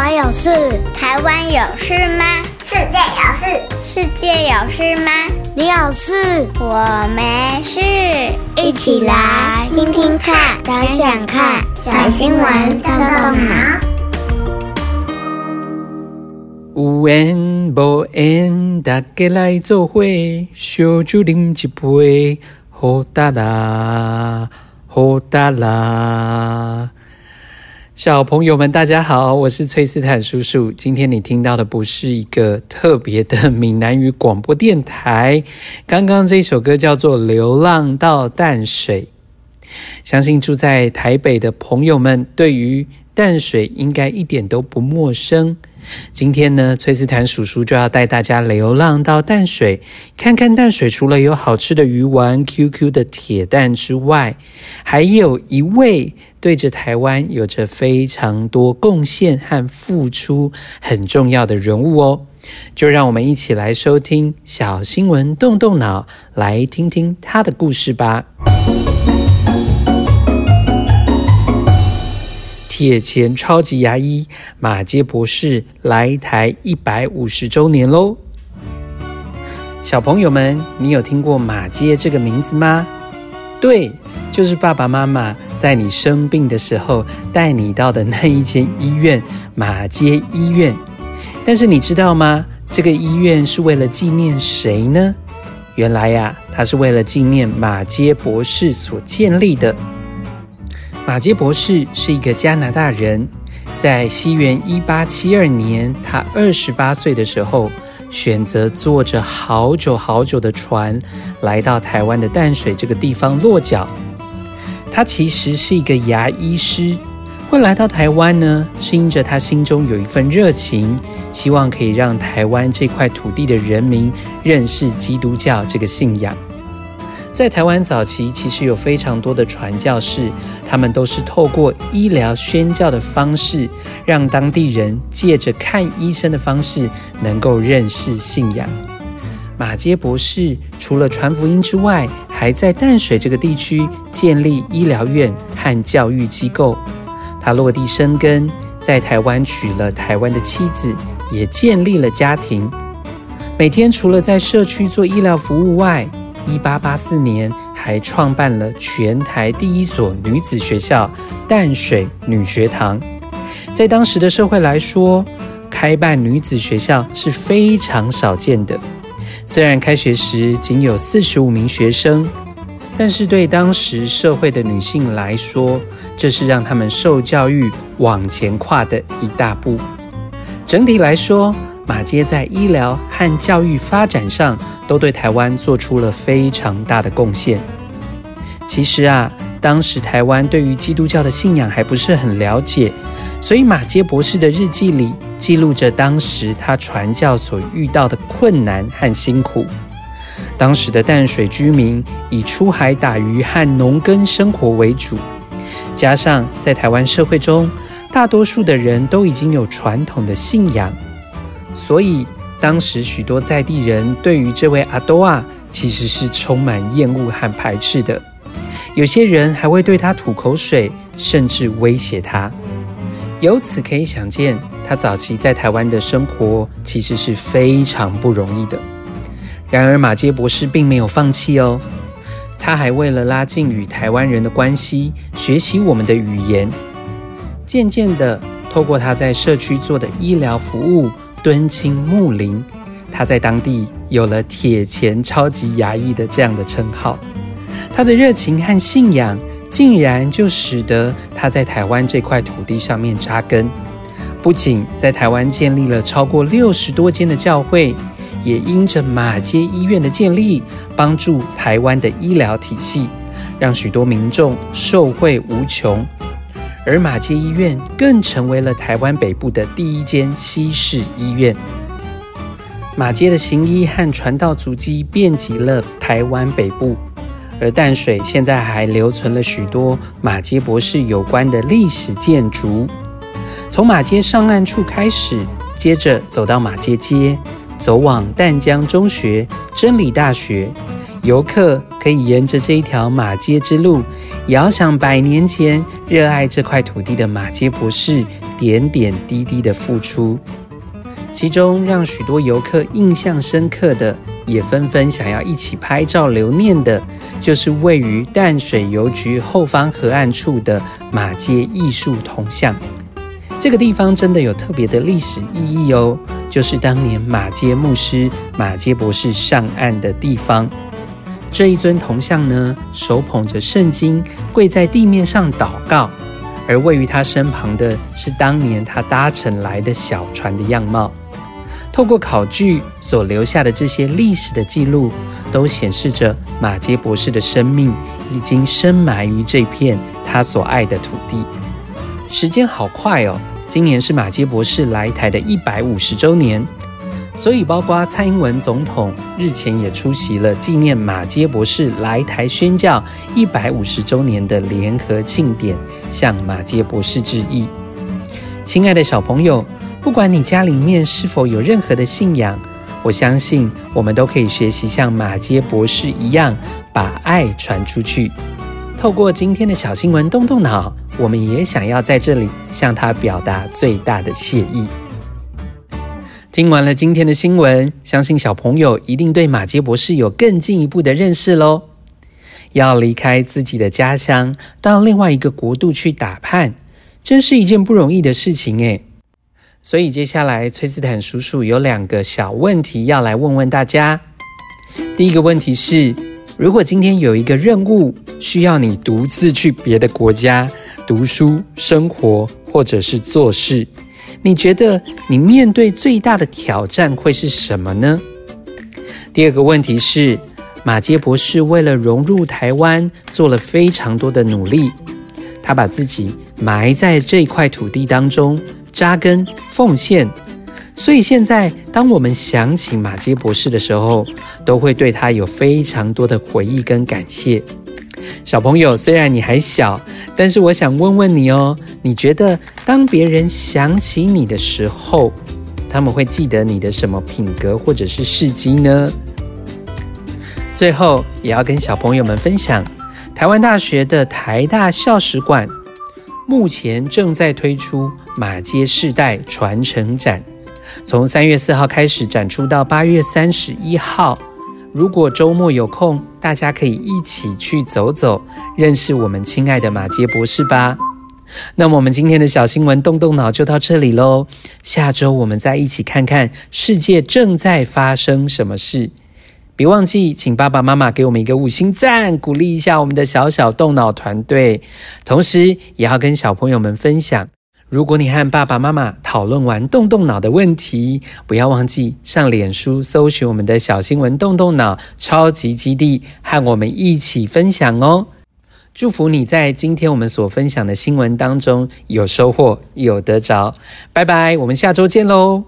我有事，台灣有事嗎？世界有事，世界有事嗎？你有事，我沒事。一起來聽聽看，想想看，看，小新聞動動腦。當好有緣無緣，大家來做伙，小酒飲一杯，好噠啦，好噠啦。小朋友們，大家好，我是崔斯坦叔叔。今天你聽到的不是一個特別的閩南語廣播電臺。剛剛這首歌叫做《流浪到淡水》，相信住在台北的朋友們對於淡水應該一點都不陌生。今天呢，崔斯坦叔叔就要帶大家流浪到淡水，看看淡水除了有好吃的魚丸、QQ 的鐵蛋之外，還有一位對着台灣有着非常多貢獻和付出很重要的人物哦。就讓我們一起來收聽小新聞，動動腦，來聽聽他的故事吧。嗯鐵鉗超級牙醫，馬偕博士來台一百五十周年嘍！小朋友們，你有聽過馬偕這個名字嗎？對，就是爸爸媽媽在你生病的時候帶你到的那一間醫院——馬偕醫院。但是你知道嗎？這個醫院是為了紀念誰呢？原來呀、啊，它是為了紀念馬偕博士所建立的。馬偕博士是一個加拿大人，在西元一八七二年，他二十八歲的時候，選擇坐着好久好久的船，來到台灣的淡水這個地方落腳。他其實是一個牙醫師，會來到台灣呢，是因着他心中有一份熱情，希望可以讓台灣這塊土地的人民認識基督教這個信仰。在台灣早期，其實有非常多的傳教士，他們都是透過醫療宣教的方式，讓當地人借着看醫生的方式，能夠認識信仰。馬偕博士除了傳福音之外，還在淡水這個地區建立醫療院和教育機構。他落地生根，在台灣娶了台灣的妻子，也建立了家庭。每天除了在社區做醫療服務外，一八八四年，還創辦了全台第一所女子學校淡水女學堂。在當時的社會來說，開辦女子學校是非常少見的。雖然開學時僅有四十五名學生，但是對當時社會的女性來說，這是讓她們受教育、往前跨的一大步。整體來說，馬偕在醫療和教育發展上，都對台灣做出了非常大的貢獻。其實啊，當時台灣對於基督教的信仰還不是很了解，所以馬偕博士的日記裡記錄着當時他傳教所遇到的困難和辛苦。當時的淡水居民以出海打魚和農耕生活為主，加上在台灣社會中，大多數的人都已經有傳統的信仰，所以。當時許多在地人對於這位阿兜仔，其實是充滿厭惡和排斥的，有些人還會對他吐口水，甚至威脅他。由此可以想見，他早期在台灣的生活其實是非常不容易的。然而馬偕博士並沒有放棄哦，他還為了拉近與台灣人的關係，學習我們的語言。漸漸的，透過他在社區做的醫療服務。敦親睦鄰，他在當地有了“鐵鉗超級牙醫”的這樣的稱號。他的熱情和信仰，竟然就使得他在台灣這塊土地上面紮根。不僅在台灣建立了超過六十多間的教會，也因着馬偕醫院的建立，幫助台灣的醫療體系，讓許多民眾受惠無窮。而馬偕醫院更成為了台灣北部的第一間西式醫院。馬偕的行醫和傳道足跡遍及了台灣北部，而淡水現在還留存了許多馬偕博士有關的歷史建築。從馬偕上岸處開始，接着走到馬偕街，走往淡江中學、真理大學，遊客可以沿着這一條馬偕之路，遙想百年前熱愛這塊土地的馬偕博士，點點滴滴的付出。其中讓許多遊客印象深刻的，也紛紛想要一起拍照留念的，就是位於淡水郵局後方河岸處的馬偕藝術銅像。這個地方真的有特別的歷史意義哦，就是當年馬偕牧師、馬偕博士上岸的地方。這一尊銅像呢，手捧着聖經，跪在地面上禱告，而位於他身旁的是當年他搭乘來的小船的樣貌。透過考據所留下的這些歷史的記錄，都顯示着馬偕博士的生命已經深埋於這片他所愛的土地。時間好快哦，今年是馬偕博士來台的一百五十周年。所以，包括蔡英文總統日前也出席了紀念馬偕博士來台宣教一百五十周年的聯合慶典，向馬偕博士致意。親愛的小朋友，不管你家裡面是否有任何的信仰，我相信我們都可以學習像馬偕博士一樣，把愛傳出去。透過今天的小新聞，動動腦，我們也想要在這裡向他表達最大的謝意。聽完了今天的新聞，相信小朋友一定對馬偕博士有更進一步的認識咯。要離開自己的家鄉，到另外一個國度去打拚，真是一件不容易的事情誒。所以接下來，崔斯坦叔叔有兩個小問題要來問問大家。第一個問題是：如果今天有一個任務，需要你獨自去別的國家讀書、生活，或者是做事，你覺得你面對最大的挑戰會是什麼呢？第二個問題是，馬偕博士為了融入台灣，做了非常多的努力。他把自己埋在這塊土地當中，紮根奉獻。所以現在，當我們想起馬偕博士的時候，都會對他有非常多的回憶跟感謝。小朋友，雖然你還小，但是我想問問你哦，你覺得當別人想起你的時候，他們會記得你的什麼品格或者是事蹟呢？最後，也要跟小朋友們分享，台灣大學的台大校史館目前正在推出馬偕世代傳承展，從三月四號開始展出到八月三十一號。如果周末有空，大家可以一起去走走，認識我們親愛的馬偕博士吧。那麼我們今天的小新聞動動腦就到這裡嘍。下週我們再一起看看世界正在發生什麼事。別忘記，請爸爸媽媽給我們一個五星讚，鼓勵一下我們的小小動腦團隊，同時也要跟小朋友們分享。如果你和爸爸媽媽討論完動動腦的問題，不要忘記上臉書搜尋我們的小新聞動動腦超級基地，和我們一起分享哦！祝福你在今天我們所分享的新聞當中有收穫、有得着。拜拜，我們下周見囉！